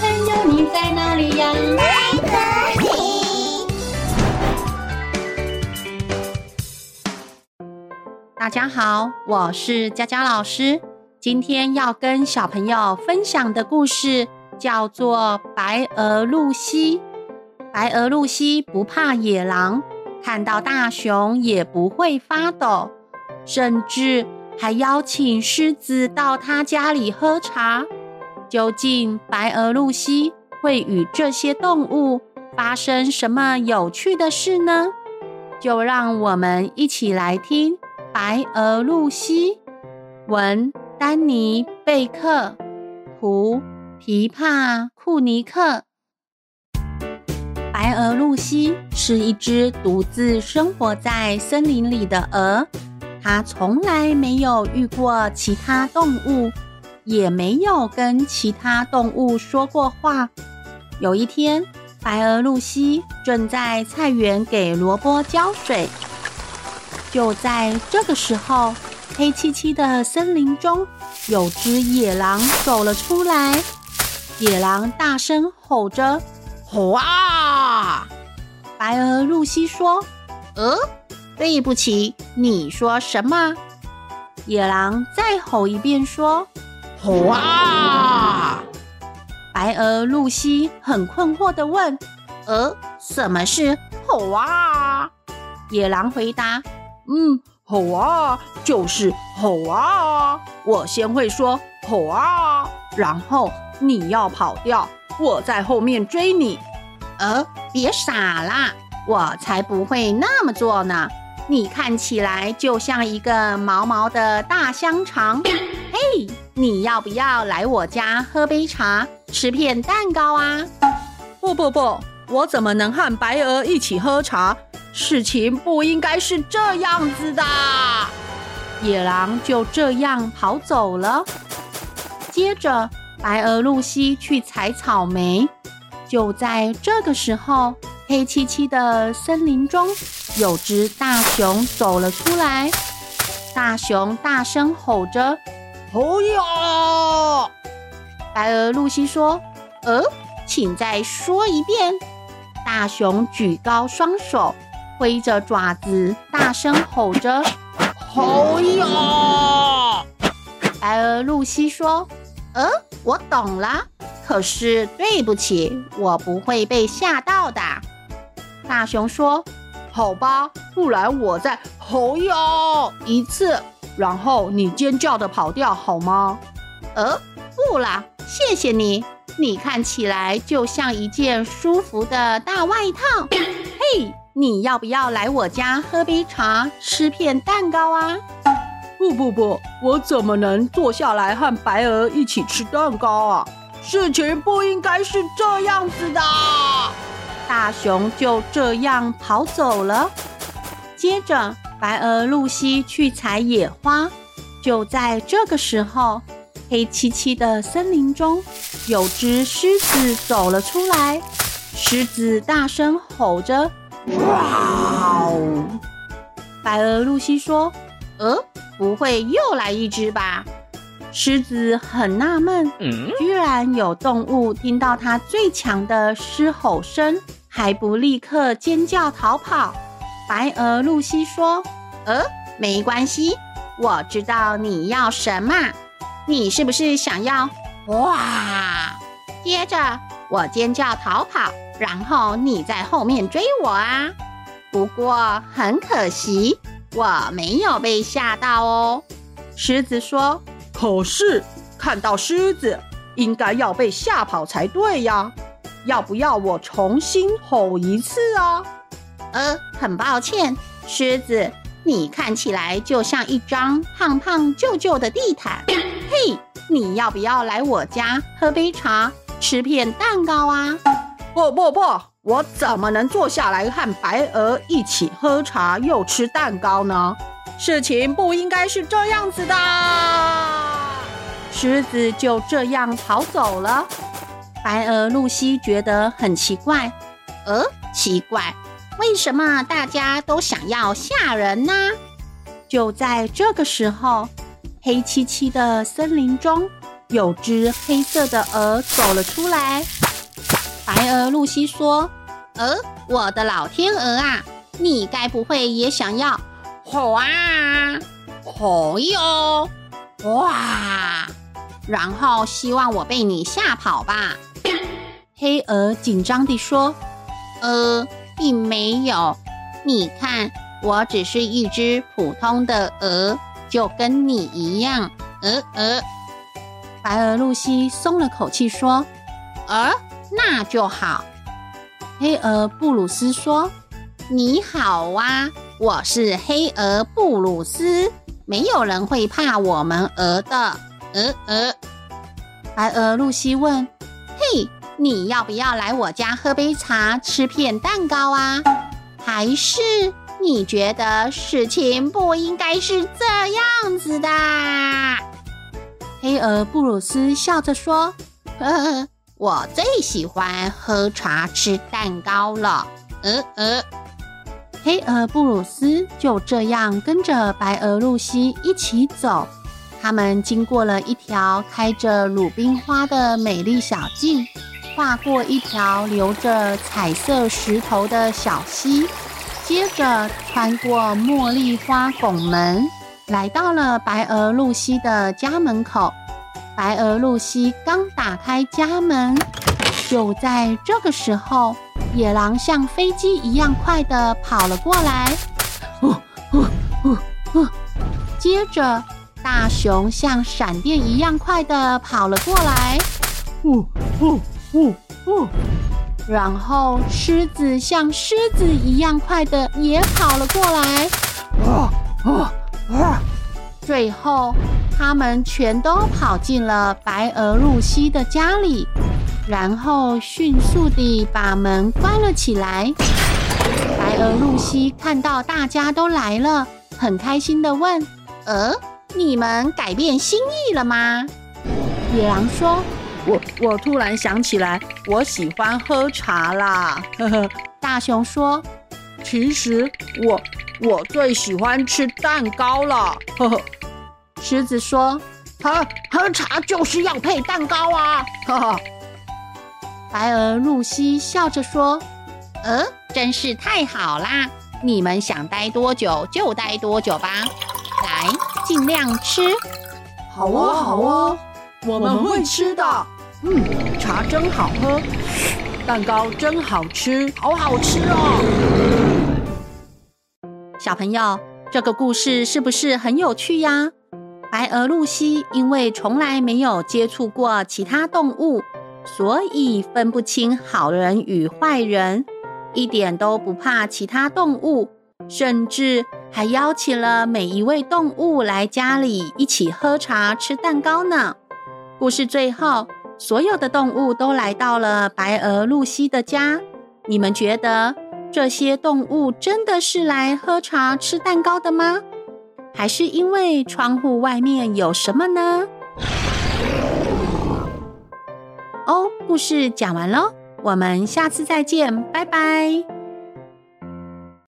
朋友，着你在哪裡呀？大家好，我是佳佳老師。今天要跟小朋友分享的故事叫做《白鵝露西》。白鵝露西不怕野狼，看到大熊也不會發抖，甚至還邀請獅子到他家裡喝茶。究竟白鵝露西會與這些動物發生什麼有趣的事呢？就讓我們一起來聽《白鵝露西》，文：丹尼貝克，圖：皮帕庫尼克。白鵝露西是一隻獨自生活在森林裡的鵝，它從來沒有遇過其他動物，也沒有跟其他動物說過話。有一天，白鵝露西正在菜園給蘿蔔澆水。就在這個時候，黑漆漆的森林中有只野狼走了出來。野狼大聲吼着：“吼啊！”白鵝露西說：“呃，對不起，你說什麼？”野狼再吼一遍說：吼啊！白鵝露西很困惑地問：“呃，什麼是吼啊？”野狼回答：“嗯，吼啊就是吼啊。我先會說吼啊，然後你要跑掉，我在後面追你。呃，別傻啦，我才不會那麼做呢。你看起來就像一個毛毛的大香腸。” 嘿，hey, 你要不要來我家喝杯茶，吃片蛋糕啊？不不不，我怎麼能和白鵝一起喝茶？事情不應該是這樣子的。野狼就這樣跑走了。接着，白鵝露西去採草莓。就在這個時候，黑漆漆的森林中有只大熊走了出來。大熊大聲吼着。吼喲，oh yeah! 白鵝露西說：“呃，請再說一遍。”大熊舉高雙手，揮着爪子，大聲吼着：“吼喲！”白鵝露西說：“呃，我懂了。可是對不起，我不會被嚇到的。”大熊說：“好吧，不然我再吼喲一次。”然後你尖叫的跑掉好嗎？呃、哦，不了，謝謝你。你看起來就像一件舒服的大外套。嘿， hey, 你要不要來我家喝杯茶，吃片蛋糕啊？不不不，我怎麼能坐下來和白鵝一起吃蛋糕啊？事情不應該是這樣子的。大熊就這樣跑走了。接着。白鵝露西去採野花，就在這個時候，黑漆漆的森林中有隻獅子走了出來。獅子大聲吼着：“哇！”白鵝露西說：“呃，不會又來一隻吧？”獅子很納悶，嗯，居然有動物聽到它最強的獅吼聲還不立刻尖叫逃跑。白鵝露西說：“呃，沒關係，我知道你要什麼啊。你是不是想要哇？接着我尖叫逃跑，然後你在後面追我啊。不過很可惜，我沒有被嚇到哦。”獅子說：“可是看到獅子應該要被嚇跑才對呀。要不要我重新吼一次啊？”呃，很抱歉，獅子，你看起來就像一張胖胖舊舊的地毯。嘿，你要不要來我家喝杯茶，吃片蛋糕啊？不不不，我怎麼能坐下來和白鵝一起喝茶又吃蛋糕呢？事情不應該是這樣子的。獅子就這樣逃走了。白鵝露西覺得很奇怪，呃，奇怪。為什麼大家都想要嚇人呢？就在這個時候，黑漆漆的森林中有只黑色的鵝走了出來。白鵝露西說：“鵝、呃，我的老天鵝啊，你該不會也想要？吼啊，吼喲哇！然後希望我被你嚇跑吧。”黑鵝緊張地說：“呃。”並沒有，你看，我只是一隻普通的鵝，就跟你一樣。鵝鵝，白鵝露西鬆了口氣說：“鵝，那就好。”黑鵝布魯斯說：“你好啊，我是黑鵝布魯斯，沒有人會怕我們鵝的。”鵝鵝，白鵝露西問：“嘿？”你要不要來我家喝杯茶，吃片蛋糕啊？還是你覺得事情不應該是這樣子的？黑鵝布魯斯笑着說：“呃呵呵，我最喜歡喝茶，吃蛋糕了。呃”鵝、呃、鵝，黑鵝布魯斯就這樣跟着白鵝露西一起走。他們經過了一條開着魯冰花的美麗小徑。跨過一條留着彩色石頭的小溪，接着穿過茉莉花拱門，來到了白鵝露西的家門口。白鵝露西剛打開家門，就在這個時候，野狼像飛機一樣快的跑了過來。嗚嗚嗚嗚！接着，大熊像閃電一樣快的跑了過來。嗚嗚。嗚嗚、嗯嗯，然後獅子像獅子一樣快的也跑了過來，啊啊啊！啊啊，最後，他們全都跑進了白鵝露西的家裡，然後迅速地把門關了起來。白鵝露西看到大家都來了，很開心的問：“呃，你們改變心意了嗎？”野狼說。我我突然想起來，我喜歡喝茶啦。 大熊說：“其實我我最喜歡吃蛋糕了。 ”獅子說：“喝喝茶就是要配蛋糕啊。”哈哈。白鵝露西笑着說：“嗯、呃，真是太好啦！你們想待多久就待多久吧，來，盡量吃。好哦，好哦，我們會吃的。吃的”嗯，茶真好喝，蛋糕真好吃，好好吃哦！小朋友，這個故事是不是很有趣呀？白鵝露西因為從來沒有接觸過其他動物，所以分不清好人與壞人，一點都不怕其他動物，甚至還邀請了每一位動物來家裡一起喝茶、吃蛋糕呢。故事最後，所有的動物都來到了白鵝露西的家。你們覺得這些動物真的是來喝茶吃蛋糕的嗎？還是因為窗戶外面有什麼呢？哦，故事講完嘍，我們下次再見，拜拜。